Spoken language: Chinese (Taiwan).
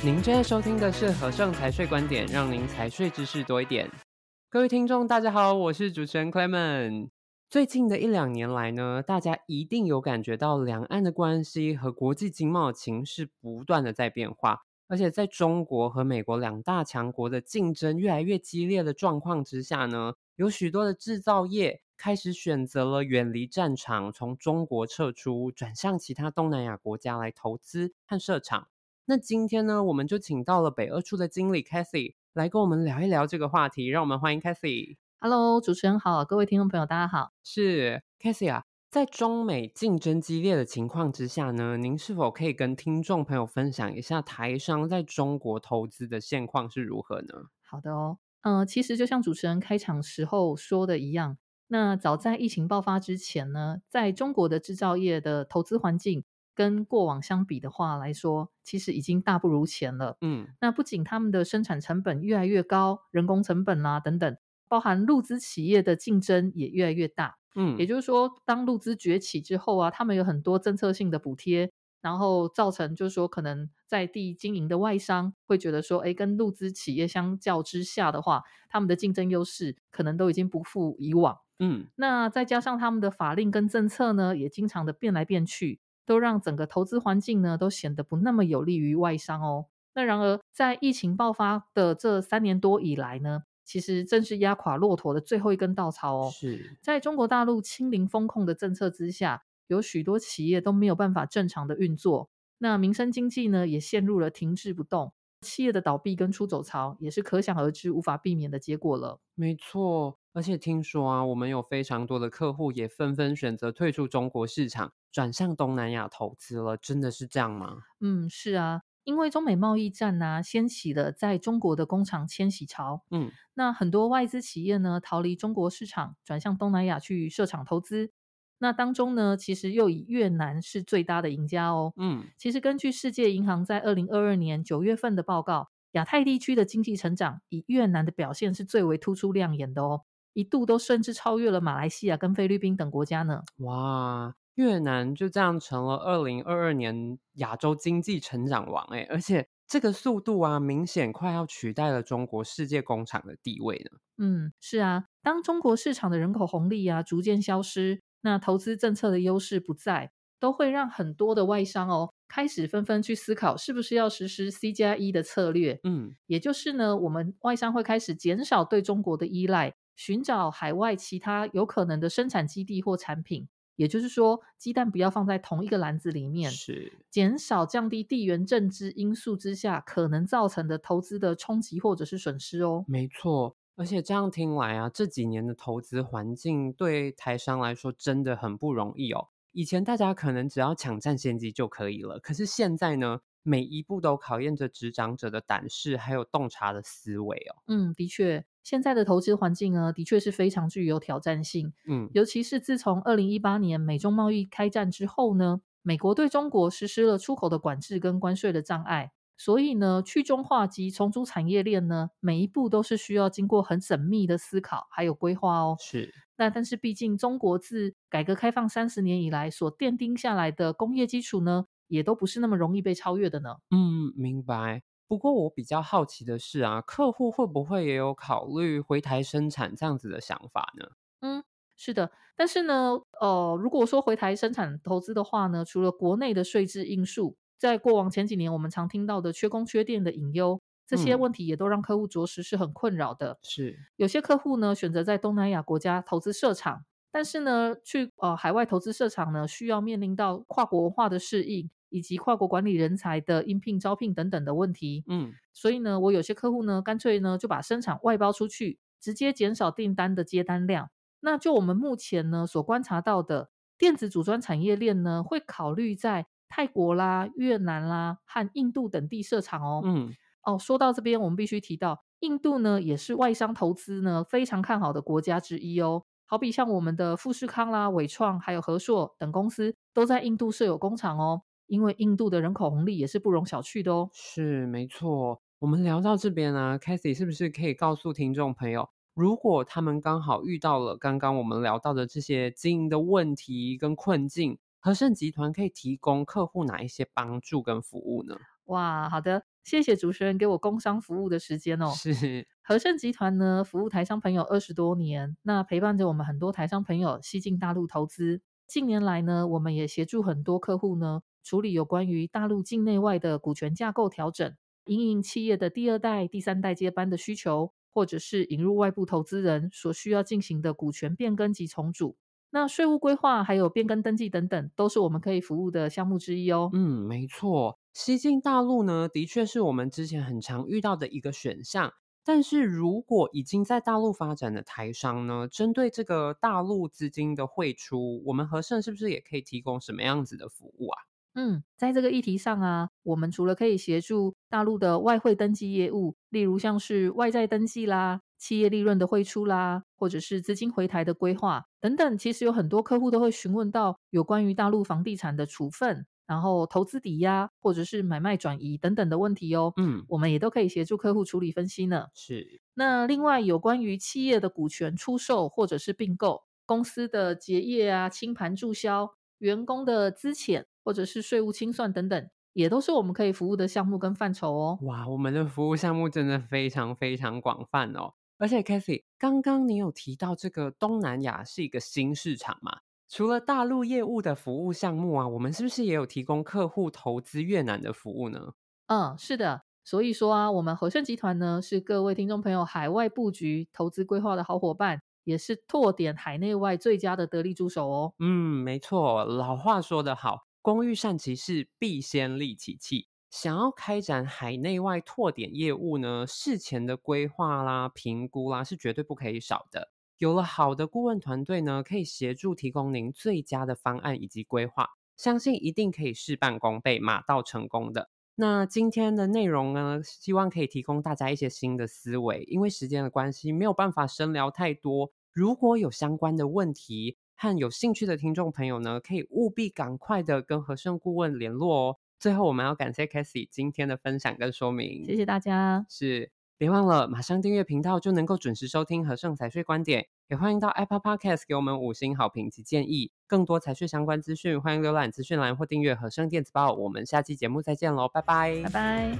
您正在收聽的是荷盛財稅觀點，讓您財稅知識多一點。各位聽眾，大家好，我是主持人 Clement。最近的一兩年來呢，大家一定有感覺到兩岸的關係和國際經貿的情勢不斷的在變化，而且在中國和美國兩大強國的競爭越來越激烈的狀況之下呢，有許多的製造業開始選擇了遠離戰場，從中國撤出，轉向其他東南亞國家來投資和設廠。那今天呢，我們就請到了北二處的經理 Cathy 來跟我們聊一聊這個話題。讓我們歡迎 Cathy。Hello，主持人好，各位聽眾朋友大家好。是 Cathy 啊，在中美競爭激烈的情況之下呢，您是否可以跟聽眾朋友分享一下台商在中國投資的現況是如何呢？好的哦，嗯、呃，其實就像主持人開場時候說的一樣，那早在疫情爆發之前呢，在中國的製造業的投資環境，跟過往相比的話來說，其實已經大不如前了。嗯，那不僅他們的生產成本越來越高，人工成本啦、啊、等等，包含陸資企業的競爭也越來越大。嗯，也就是說，當陸資崛起之後啊，他們有很多政策性的補貼，然後造成就是說，可能在地經營的外商會覺得說，哎，跟陸資企業相較之下的話，他們的競爭優勢可能都已經不復以往。嗯，那再加上他們的法令跟政策呢，也經常的變來變去。都讓整個投資環境呢，都顯得不那麼有利於外商哦。那然而，在疫情爆發的這三年多以來呢，其實正是壓垮駱駝的最後一根稻草哦。是在中國大陸清零風控的政策之下，有許多企業都沒有辦法正常的運作。那民生經濟呢，也陷入了停滯不動，企業的倒閉跟出走潮也是可想而知，無法避免的結果了。沒錯。而且聽說啊，我們有非常多的客戶也紛紛選擇退出中國市場，轉向東南亞投資了。真的是這樣嗎？嗯，是啊，因為中美貿易戰呢、啊，掀起了在中國的工廠遷徙潮。嗯，那很多外資企業呢，逃離中國市場，轉向東南亞去設廠投資。那當中呢，其實又以越南是最大的贏家哦。嗯，其實根據世界銀行在二零二二年九月份的報告，亞太地區的經濟成長以越南的表現是最為突出亮眼的哦。一度都甚至超越了馬來西亞跟菲律賓等國家呢。哇，越南就這樣成了二零二二年亞洲經濟成長王哎，而且這個速度啊，明顯快要取代了中國世界工廠的地位呢。嗯，是啊，當中國市場的人口紅利啊逐漸消失，那投資政策的優勢不在，都會讓很多的外商哦開始紛紛去思考，是不是要實施 C 加1的策略？嗯，也就是呢，我們外商會開始減少對中國的依賴。尋找海外其他有可能的生產基地或產品，也就是說，雞蛋不要放在同一個籃子裡面，是減少降低地緣政治因素之下可能造成的投資的衝擊或者是損失哦。沒錯，而且這樣聽來啊，這幾年的投資環境對台商來說真的很不容易哦。以前大家可能只要搶占先機就可以了，可是現在呢？每一步都考驗着執掌者的膽識，還有洞察的思維哦。嗯，的確，現在的投資環境呢，的確是非常具有挑戰性。嗯，尤其是自從二零一八年美中貿易開戰之後呢，美國對中國實施了出口的管制跟關稅的障礙，所以呢，去中化及重組產業鏈呢，每一步都是需要經過很縝密的思考還有規劃哦。是，那但是畢竟中國自改革開放三十年以來所奠定下來的工業基礎呢，也都不是那麼容易被超越的呢。嗯，明白。不過我比較好奇的是啊，客戶會不會也有考慮回台生產這樣子的想法呢？嗯，是的。但是呢，呃，如果說回台生產投資的話呢，除了國內的稅制因素，在過往前幾年我們常聽到的缺工缺電的隱憂，這些問題也都讓客戶着實是很困擾的。嗯，是。有些客戶呢，選擇在東南亞國家投資設廠，但是呢，去呃海外投資設廠呢，需要面臨到跨國文化的適應。以及跨國管理人才的應聘、招聘等等的問題，嗯，所以呢，我有些客戶呢，乾脆呢就把生產外包出去，直接減少訂單的接單量。那就我們目前呢所觀察到的電子組裝產業鏈呢，會考慮在泰國啦、越南啦和印度等地設廠哦。嗯，哦，說到這邊，我們必須提到印度呢，也是外商投資呢非常看好的國家之一哦。好比像我們的富士康啦、緯創還有和碩等公司，都在印度設有工廠哦。因為印度的人口紅利也是不容小覷的哦。是，沒錯。我們聊到這邊呢，Cathy 是不是可以告訴聽眾朋友，如果他們剛好遇到了剛剛我們聊到的這些經營的問題跟困境，荷盛集團可以提供客戶哪一些幫助跟服務呢？哇，好的，謝謝主持人給我工商服務的時間哦。是，荷盛集團呢，服務台商朋友二十多年，那陪伴着我們很多台商朋友西進大陸投資。近年來呢，我們也協助很多客戶呢。處理有關於大陸境內外的股權架構調整、經營企業的第二代、第三代接班的需求，或者是引入外部投資人所需要進行的股權變更及重組，那稅務規劃還有變更登記等等，都是我們可以服務的項目之一哦。嗯，沒錯，西進大陸呢，的確是我們之前很常遇到的一個選項。但是如果已經在大陸發展的台商呢，針對這個大陸資金的匯出，我們荷盛是不是也可以提供什麼樣子的服務啊？嗯，在這個議題上啊，我們除了可以協助大陸的外匯登記業務，例如像是外債登記啦、企業利潤的匯出啦，或者是資金回台的規劃等等，其實有很多客戶都會詢問到有關於大陸房地產的處分，然後投資抵押或者是買賣轉移等等的問題哦。嗯，我們也都可以協助客戶處理分析呢。是，那另外有關於企業的股權出售或者是併購、公司的結業啊、清盤註銷、員工的資遣。或者是稅務清算等等，也都是我們可以服務的項目跟範疇哦。哇，我們的服務項目真的非常非常廣泛哦。而且，Cathy，剛剛你有提到這個東南亞是一個新市場嘛？除了大陸業務的服務項目啊，我們是不是也有提供客戶投資越南的服務呢？嗯，是的。所以說啊，我們荷盛集團呢，是各位聽眾朋友海外布局投資規劃的好夥伴，也是拓點海內外最佳的得力助手哦。嗯，沒錯，老話說得好。工欲善其事，必先利其器。想要開展海內外拓點業務呢，事前的規劃啦、評估啦是絕對不可以少的。有了好的顧問團隊呢，可以協助提供您最佳的方案以及規劃，相信一定可以事半功倍、馬到成功的。那今天的內容呢，希望可以提供大家一些新的思維。因為時間的關係，沒有辦法深聊太多。如果有相關的問題，和有興趣的聽眾朋友呢，可以務必趕快的跟和盛顧問聯絡哦。最後，我們要感謝 Cathy 今天的分享跟說明。謝謝大家。是，別忘了馬上訂閱頻道就能夠準時收聽和盛財稅觀點。也歡迎到 Apple Podcast 給我們五星好評及建議。更多財稅相關資訊，歡迎瀏覽資訊欄或訂閱和盛電子報。我們下期節目再見嘍，拜拜，拜拜。